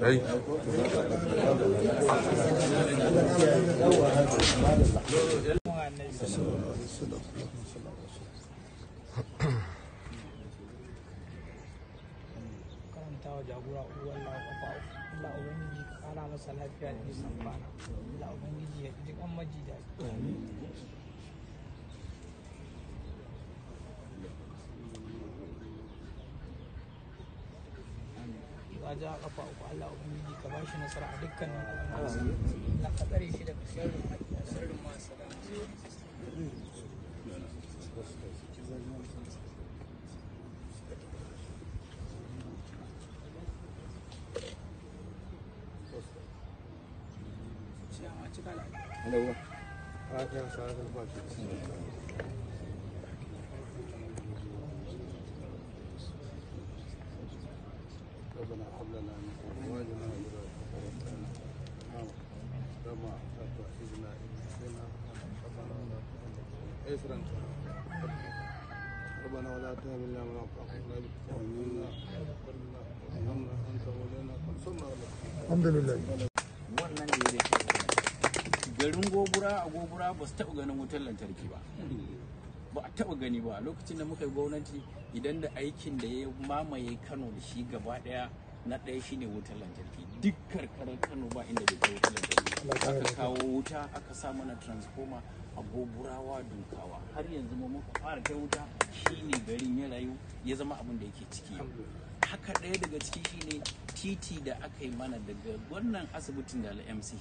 ai karantawa jagora Allah ubangiji kara masa lafiya da nisan kwana Allah ubangiji ya ji ka ja kafa uku Allah ubangiji ka bashi nasara a dukkanin al'amuransa na ka tsare shi daga sharrin sharrin masu Hello. I can't say يسرا ربنا ولا تهملنا ما طاقتنا بك وعنا وتقبلنا وارحمنا انت مولانا فانصرنا على الحمد لله wannan ne da ke garin gobura a gobura ba su taɓa ganin wutar lantarki ba ba a taɓa gani ba lokacin da muka yi gwamnati idan da aikin da ya mamaye kano da shi gaba ɗaya na ɗaya shine wutar lantarki duk karkarar kano ba inda bai wutar lantarki aka kawo wuta aka sa mana transformer a dukawa har yanzu mu muka fara kai wuta shine garin ya rayu ya zama abin da yake ciki haka ɗaya daga ciki shine titi da aka yi mana daga wannan asibitin da mch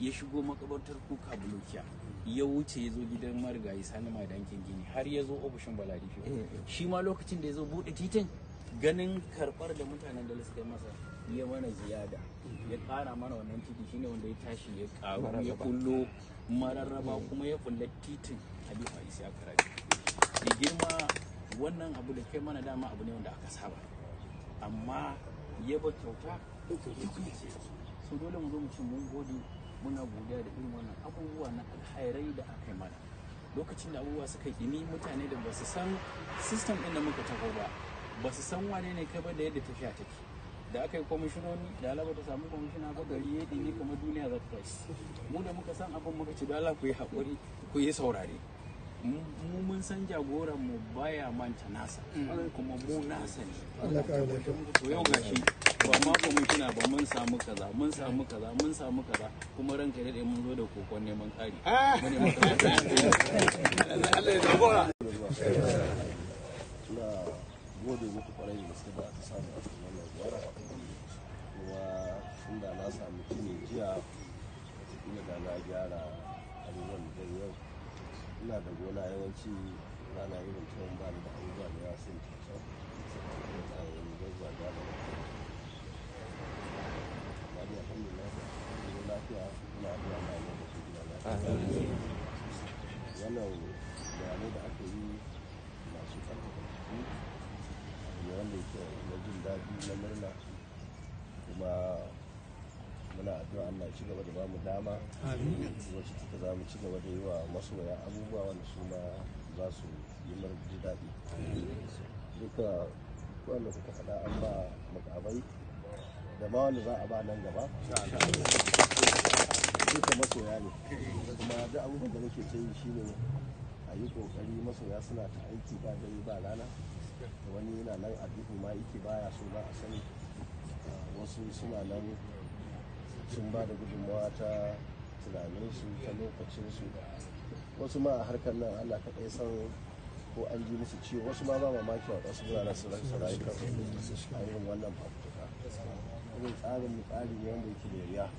ya shigo makabartar kuka bulokiya ya wuce ya zo gidan marigayi sani mai dankin gini har ya zo ofishin balarifi eh, eh. shi ma lokacin da ya zo buɗe titin ganin karɓar da mutanen da suka yi masa ya mana ziyada ya ƙara mana wannan titi shine wanda ya tashi ya karu ya kullo mararraba kuma ya kulla titin halifa isa karabi da girma wannan abu da kai mana dama abu ne wanda aka saba amma ya ba kyauta so dole mu zo mu ci mun gode muna godiya da irin wannan abubuwa na alhairai da aka yi mana lokacin da abubuwa suka yi mutane da ba su san sistem ɗin da muka taho ba ba su san wane ne kai ba da yadda tafiya take da aka yi kwamishinoni da alaba ta samu kwamishina ba gari ya ɗinyi kuma duniya za ta tashi mu da muka san abin muka ci dala ku yi haƙuri ku yi saurare mu mun san jagoran mu baya manta nasa kuma mu nasa ne to yau gashi ba ma kwamishina ba mun samu kaza mun samu kaza mun samu kaza kuma ranka ya daɗe mun zo da kokon neman ƙari Allah ya gode muku kwarai da samu a cikin wannan ziyara jiya inda da na gyara abubuwan da yau ina da gona yawanci rana irin tuwon ba da abubuwa da yawa sun tattau da tsayin zazzaga da amma da alhamdulillah da lafiya ina zuwa na yau da su gida lafiya wannan bayanai da aka yi masu ƙarfafa jiki abu ne wanda yake na jin daɗi na murna kuma muna addu'a Allah ya ci gaba da bamu dama wacce take za mu ci gaba da yi wa masoya abubuwa wanda su ma za su yi mana ji daɗi duka wanda kuka faɗa an ba makabai da ma wanda za a ba nan gaba duka masoya ne kuma duk abubuwan da muke ta yi shine a yi ƙoƙari masoya suna ta aiki ba dare ba rana wani yana nan a duhu ma yake baya so ba a sani wasu suna nan sun ba da gudunmawa ta tunaninsu ta lokacinsu wasu ma a harkar nan allah kaɗai san ko an ji musu ciwo wasu ma ba mamaki a wasu wuraren su rasa rayukan a irin wannan fafutuka irin tsarin ne wanda yake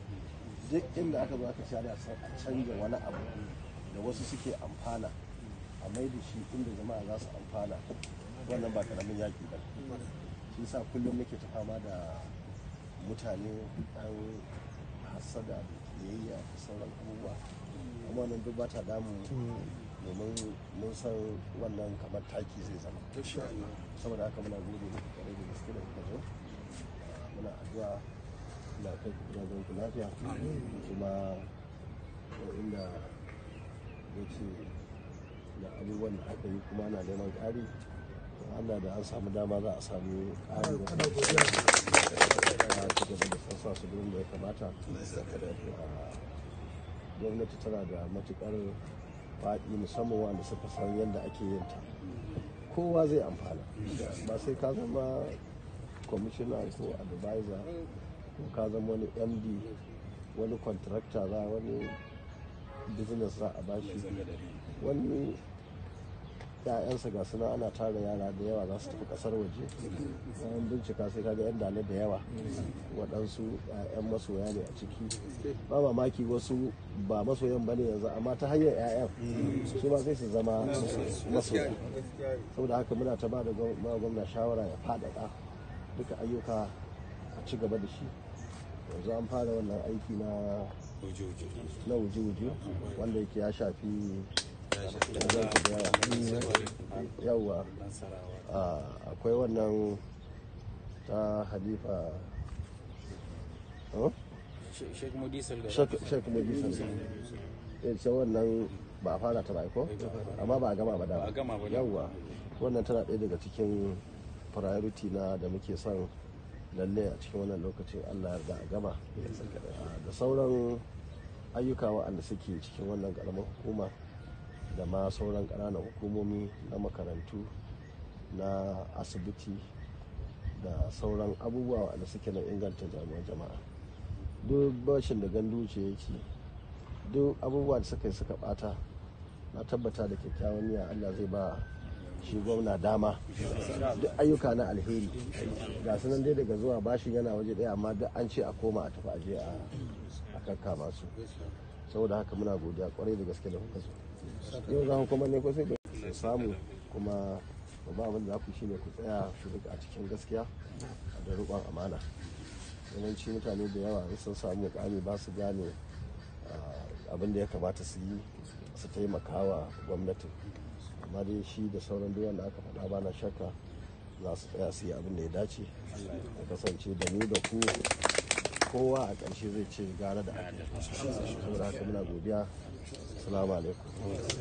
duk inda aka zo aka share a canja wani abu da wasu suke amfana a mai da shi inda jama'a za su amfana wannan ba karamin yaƙi ba shi sa kullum nake ta fama da mutane an hassada da kiyayya da sauran abubuwa amma nan duk ba ta damu mm. domin mun san wannan kamar taki zai zama saboda haka muna gode da kare da gaske da kuka zo muna addu'a da kai kuma zan ku lafiya kuma inda yake da abubuwan da aka yi kuma ana neman ƙari Allah da an samu dama za a samu ƙari sa su gurin da ya kamata gwamnati tana da matukar faɗi musamman wanda suka san yadda ake yin ta kowa zai amfana ba sai ka zama kwamishina ko advisor ko ka zama wani md wani contractor za wani business za a bashi wani ‘ya'yansa ga suna ana tara yara da yawa za su tafi kasar waje bayan bincika sai kaga yan dalil da yawa waɗansu ‘ya'yan masoya ne a ciki ba mamaki wasu ba masoyan bane yanzu amma ta hanyar ‘ya'yan su ma sai su zama masoya saboda haka muna ta ba da gwamna shawara ya faɗaɗa duka ayyuka a ci gaba da shi yanzu an fara wannan aiki na wuje-wuje wanda yake ya shafi yawwa ah, akwai wannan ta halifa sheik mudisal ita wannan ba a fara ta ko amma ba a gama ba da yawwa wannan tana ɗaya daga cikin priority na da muke son lalle a cikin wannan lokacin allah yarda a gama ah, da sauran ayyuka waɗanda suke cikin wannan ƙaramar hukuma da ma sauran ƙananan hukumomi na makarantu na asibiti da sauran abubuwa da suke na inganta jami'an jama'a duk bashin da gandu ce yake duk abubuwa da suka yi suka bata na tabbata da kyakkyawan niyya allah zai ba shi gwamna dama duk ayyuka na alheri ga sunan dai daga zuwa bashi yana waje daya amma duk an ce a koma a tafi aje a kakka masu saboda haka muna godiya kwarai da gaske da kuka zo yau za mu kuma ne ko sai samu kuma babban abin da za ku shi ne ku tsaya ku rika a cikin gaskiya da rikon amana yawanci mutane da yawa sun samu mukami ba su gane ah, abin da ya kamata su yi su taimaka wa gwamnati amma dai shi da sauran duk da aka faɗa ba na shakka za su tsaya su yi abin da ya dace a kasance da mu da ku kowa a ƙarshe zai ce gara da ake saboda haka muna godiya assalamu alaikum